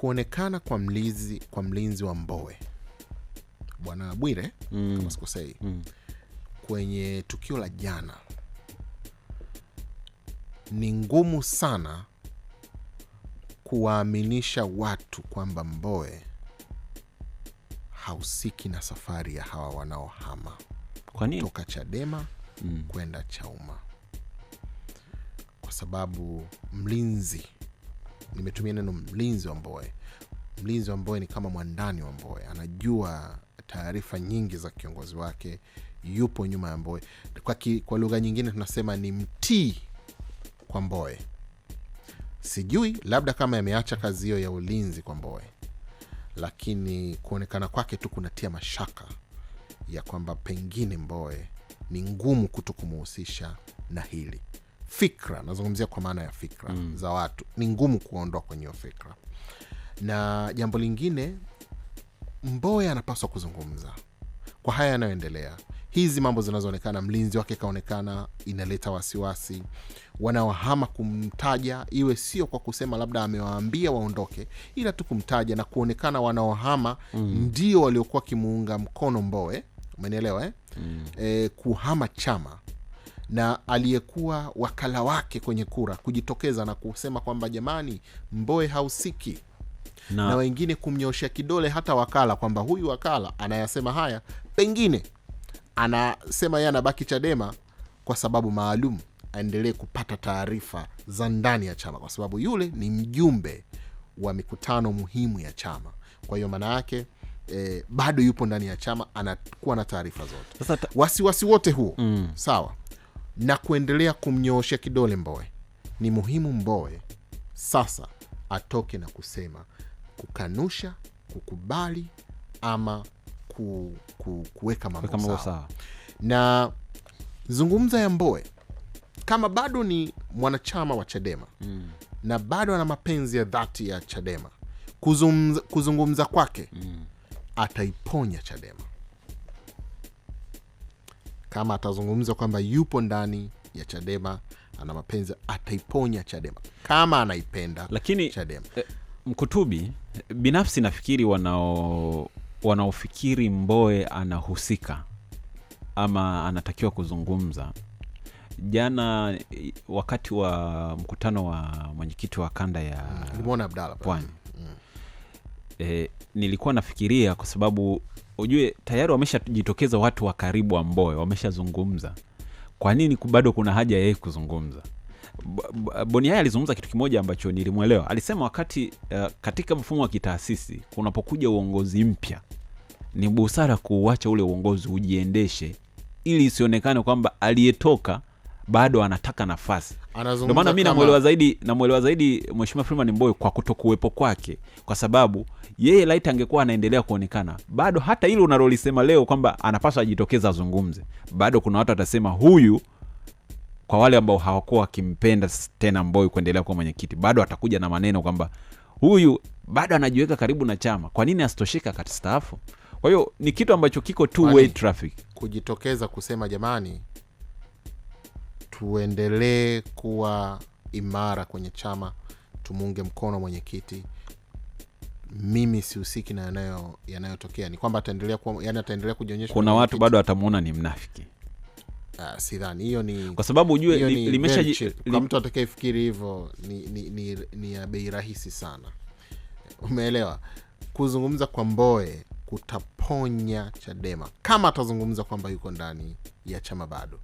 kuonekana kwa mlizi kwa mlinzi wa Mbowe Bwana Bwire mm. kama sikosei mm. kwenye tukio la jana ni ngumu sana kuwaaminisha watu kwamba Mbowe hahusiki na safari ya hawa wanaohama kutoka Chadema mm. kwenda Chauma, kwa sababu mlinzi nimetumia neno mlinzi wa Mboe. Mlinzi wa Mboe ni kama mwandani wa Mboe, anajua taarifa nyingi za kiongozi wake, yupo nyuma ya Mboe. Kwa, kwa lugha nyingine tunasema ni mtii kwa Mboe. Sijui labda kama yameacha kazi hiyo ya ulinzi kwa Mboe, lakini kuonekana kwake tu kunatia mashaka ya kwamba pengine Mboe ni ngumu kuto kumhusisha na hili fikra, nazungumzia kwa maana ya fikra mm. za watu, ni ngumu kuondoa kwenye hiyo fikra. Na jambo lingine, mboya anapaswa kuzungumza kwa haya yanayoendelea, hizi mambo zinazoonekana, mlinzi wake ikaonekana inaleta wasiwasi. Wanaohama kumtaja, iwe sio kwa kusema labda amewaambia waondoke, ila tu kumtaja na kuonekana wanaohama mm. ndio waliokuwa wakimuunga mkono mboe umenielewa eh? Mm. E, kuhama chama na aliyekuwa wakala wake kwenye kura kujitokeza na kusema kwamba jamani, Mboe hausiki na, na wengine kumnyoshea kidole hata wakala kwamba huyu wakala anayasema haya, pengine anasema yeye anabaki Chadema kwa sababu maalum, aendelee kupata taarifa za ndani ya chama, kwa sababu yule ni mjumbe wa mikutano muhimu ya chama. Kwa hiyo maana yake E, bado yupo ndani ya chama, anakuwa na taarifa zote. Wasiwasi wote huo mm. Sawa na kuendelea kumnyoosha kidole Mbowe. Ni muhimu Mbowe sasa atoke na kusema kukanusha, kukubali ama ku, ku, kuweka mambo sawa. Na zungumza ya Mbowe kama bado ni mwanachama wa Chadema mm. na bado ana mapenzi ya dhati ya Chadema, kuzungumza, kuzungumza kwake mm. ataiponya Chadema kama atazungumza kwamba yupo ndani ya Chadema ana mapenzi, ataiponya Chadema kama anaipenda. Lakini Chadema eh, Mkutubi binafsi nafikiri wanao wanaofikiri Mboe anahusika ama anatakiwa kuzungumza jana wakati wa mkutano wa mwenyekiti wa kanda ya mm, Pwani. Mm. E, nilikuwa nafikiria kwa sababu ujue tayari wameshajitokeza watu wa karibu wa Mbowe, wameshazungumza. Kwa nini bado kuna haja yeye kuzungumza? bonia alizungumza kitu kimoja ambacho nilimwelewa. Alisema wakati uh, katika mfumo wa kitaasisi kunapokuja uongozi mpya ni busara kuuacha ule uongozi ujiendeshe, ili isionekane kwamba aliyetoka bado anataka nafasi. Ndio maana mi namwelewa zaidi, namwelewa zaidi Mheshimiwa Freeman Mbowe kwa kutokuwepo kwake, kwa sababu yeye laiti angekuwa anaendelea kuonekana bado, hata hilo unalolisema leo kwamba anapaswa ajitokeza azungumze, bado kuna watu watasema huyu kwa wale ambao hawakuwa wakimpenda tena Mbowe kuendelea kuwa mwenyekiti, bado atakuja na maneno kwamba huyu bado anajiweka karibu na chama, kwa nini asitosheka akastaafu? Kwa hiyo ni kitu ambacho kiko two way traffic, kujitokeza kusema jamani, tuendelee kuwa imara kwenye chama, tumuunge mkono mwenyekiti. Mimi sihusiki na yanayo yanayotokea, ni kwamba ataendeleayani ataendelea kujionyesha. Kuna watu bado watamwona ni mnafiki. Uh, sidhani hiyo ni kwa sababu ujue limesha kwa mtu atakaefikiri hivyo ni, ni, ni, ni ya bei rahisi sana, umeelewa? Kuzungumza kwa Mboe kutaponya Chadema kama atazungumza kwamba yuko ndani ya chama bado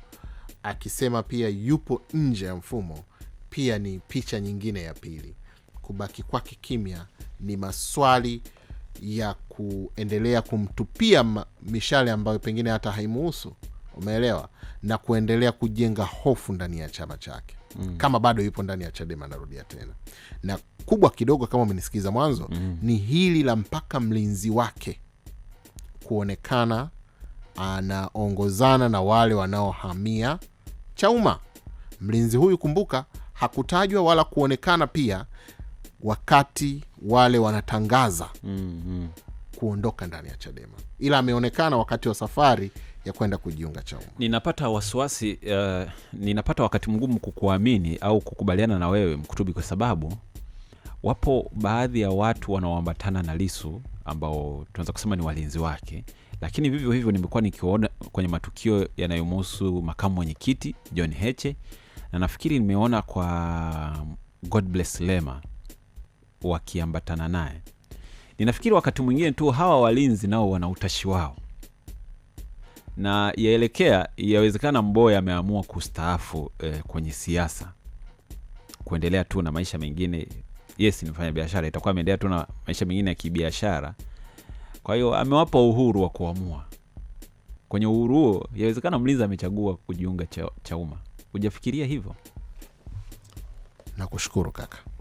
akisema pia yupo nje ya mfumo pia ni picha nyingine ya pili. Kubaki kwake kimya ni maswali ya kuendelea kumtupia mishale ambayo pengine hata haimuhusu, umeelewa, na kuendelea kujenga hofu ndani ya chama chake mm. Kama bado yupo ndani ya Chadema, anarudia tena, na kubwa kidogo, kama umenisikiza mwanzo mm. ni hili la mpaka mlinzi wake kuonekana anaongozana na wale wanaohamia cha umma. Mlinzi huyu kumbuka, hakutajwa wala kuonekana pia wakati wale wanatangaza mm -hmm. kuondoka ndani ya Chadema, ila ameonekana wakati wa safari ya kwenda kujiunga Chauma. Ninapata wasiwasi uh, ninapata wakati mgumu kukuamini au kukubaliana na wewe Mkutubi, kwa sababu wapo baadhi ya watu wanaoambatana na lisu ambao tunaweza kusema ni walinzi wake, lakini vivyo hivyo nimekuwa nikiwaona kwenye matukio yanayomuhusu makamu mwenyekiti John Heche na nafikiri nimeona kwa Godbless Lema wakiambatana naye. Ninafikiri wakati mwingine tu hawa walinzi nao wana utashi wao, na yaelekea yawezekana mboya ameamua kustaafu eh, kwenye siasa kuendelea tu na maisha mengine yes ni mfanya biashara, itakuwa ameendelea tu na maisha mengine ya kibiashara. Kwa hiyo amewapa uhuru wa kuamua. Kwenye uhuru huo, yawezekana mlinzi amechagua kujiunga cha umma Hujafikiria hivyo? Nakushukuru kaka.